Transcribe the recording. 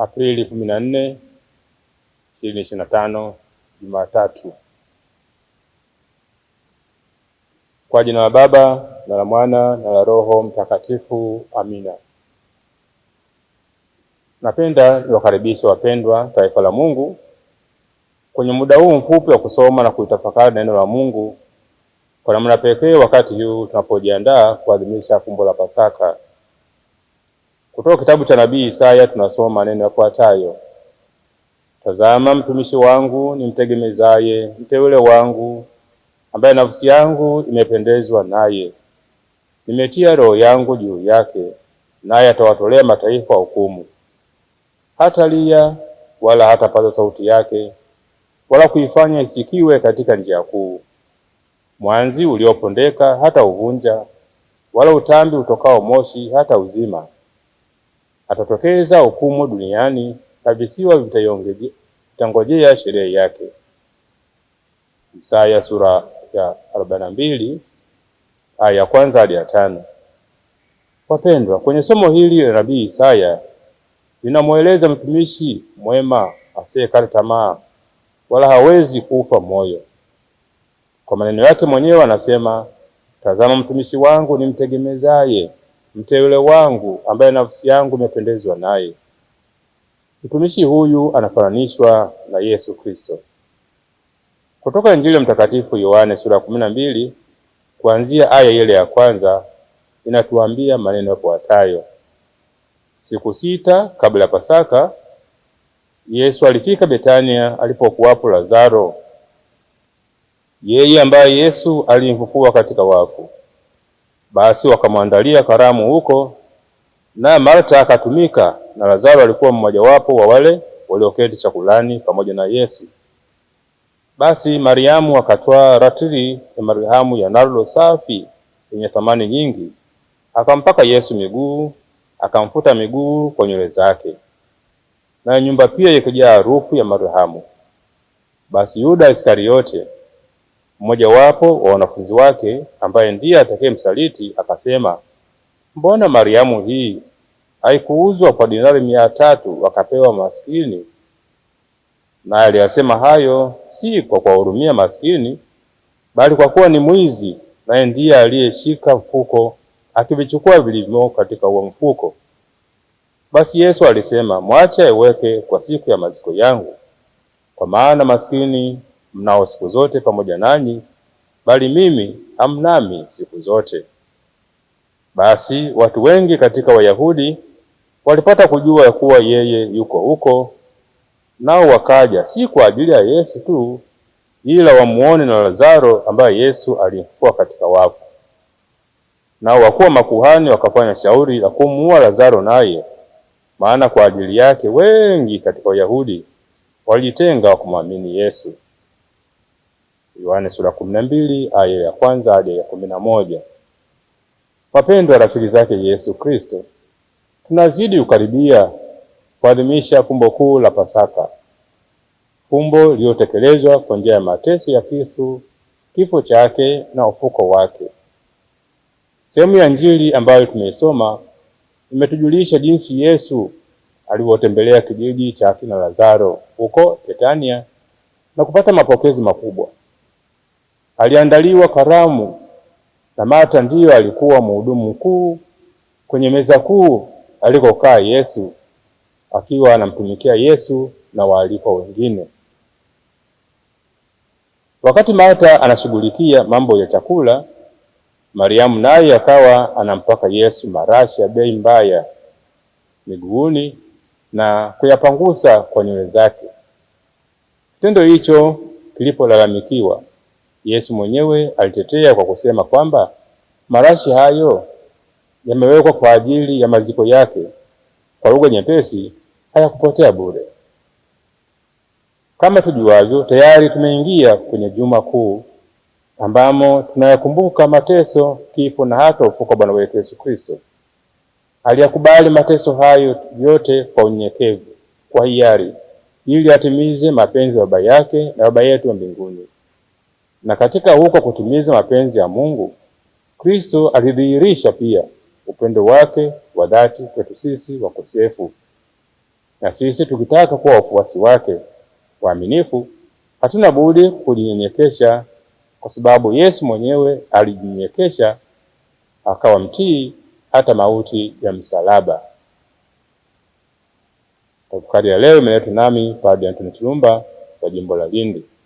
Aprili kumi na nne ishirini ishirini na tano Jumatatu. Kwa jina la Baba na la Mwana na la Roho Mtakatifu, amina. Napenda niwakaribishe wapendwa taifa la Mungu kwenye muda huu mfupi wa kusoma na kuitafakari neno la Mungu kwa namna pekee, wakati huu tunapojiandaa kuadhimisha fumbo la Pasaka. Kutoka kitabu cha nabii Isaya tunasoma maneno yafuatayo: Tazama, mtumishi wangu nimtegemezaye, mteule wangu, ambaye nafsi yangu imependezwa naye. Nimetia roho yangu juu yake, naye atawatolea mataifa hukumu. lia wala hatapaza sauti yake, wala kuifanya isikiwe katika njia kuu. Mwanzi uliopondeka hata uvunja, wala utambi utokao moshi hata uzima Atatokeza hukumu duniani na visiwa vitangojea sherehe yake. Isaya sura ya 42 aya ya kwanza hadi ya tano. Wapendwa, kwenye somo hili la nabii Isaya linamweleza mtumishi mwema asiyekata tamaa wala hawezi kufa moyo. Kwa maneno yake mwenyewe anasema, tazama mtumishi wangu nimtegemezaye, mteule wangu ambaye nafsi yangu imependezwa naye. Mtumishi huyu anafananishwa na Yesu Kristo. Kutoka Injili ya Mtakatifu Yohane sura ya kumi na mbili kuanzia aya ile ya kwanza inatuambia maneno yafuatayo: siku sita kabla ya Pasaka, Yesu alifika Betania alipokuwapo Lazaro, yeye ambaye Yesu alimfufua katika wafu. Basi wakamwandalia karamu huko, naye Marta akatumika, na Lazaro alikuwa mmojawapo wa wale walioketi chakulani pamoja na Yesu. Basi Mariamu akatwaa ratiri ya marhamu ya nardo safi yenye thamani nyingi, akampaka Yesu miguu, akamfuta miguu kwa nywele zake, na nyumba pia ikajaa harufu ya marhamu. Basi Yuda Iskariote mmojawapo wa wanafunzi wake ambaye ndiye msaliti akasema, mbona Mariamu hii haikuuzwa kwa dinari mia tatu wakapewa maskini? Naye aliyasema hayo si kwa kuwahurumia maskini, bali kwa kuwa ni mwizi, naye ndiye aliyeshika mfuko akivichukua vilivyo katika huo mfuko. Basi Yesu alisema, mwache aiweke kwa siku ya maziko yangu, kwa maana maskini mnao siku zote pamoja nanyi, bali mimi hamnami siku zote. Basi watu wengi katika Wayahudi walipata kujua ya kuwa yeye yuko huko, nao wakaja si kwa ajili ya Yesu tu, ila wamuone na Lazaro ambaye Yesu alimfufua katika wafu. Nao wakuu wa makuhani wakafanya shauri la kumuua Lazaro naye, maana kwa ajili yake wengi katika Wayahudi walijitenga wakumwamini Yesu. Yohane sura kumi na mbili aya ya kwanza hadi ya kumi na moja. Wapendwa rafiki zake Yesu Kristo, tunazidi kukaribia kuadhimisha fumbo kuu la Pasaka, fumbo lililotekelezwa kwa njia ya mateso ya Kristo, kifo chake na ufuko wake. Sehemu ya Injili ambayo tumeisoma imetujulisha jinsi Yesu alivyotembelea kijiji cha kina Lazaro huko Betania na kupata mapokezi makubwa aliandaliwa karamu marta ndiyo alikuwa mhudumu mkuu kwenye meza kuu alikokaa Yesu akiwa anamtumikia Yesu na waalikwa wengine. Wakati Martha anashughulikia mambo ya chakula, Mariamu naye akawa anampaka Yesu marashi ya bei mbaya miguuni na kuyapangusa kwa nywele zake. Kitendo hicho kilipolalamikiwa, Yesu mwenyewe alitetea kwa kusema kwamba marashi hayo yamewekwa kwa ajili ya maziko yake, kwa lugha nyepesi, hayakupotea bure. Kama tujuavyo, tayari tumeingia kwenye Juma Kuu ambamo tunayakumbuka mateso, kifo na hata ufufuko wa Bwana wetu Yesu Kristo. Aliyakubali mateso hayo yote kwa unyenyekevu, kwa hiari, ili atimize mapenzi ya Baba yake na Baba yetu wa mbinguni na katika huko kutimiza mapenzi ya Mungu, Kristo alidhihirisha pia upendo wake wa dhati kwetu sisi wakosefu. Na sisi tukitaka kuwa wafuasi wake waaminifu, hatuna budi kujinyenyekesha, kwa sababu Yesu mwenyewe alijinyenyekesha akawa mtii hata mauti ya msalaba. Tafakari ya leo imeletwa nami Padre ya Chilumba wa jimbo la Lindi.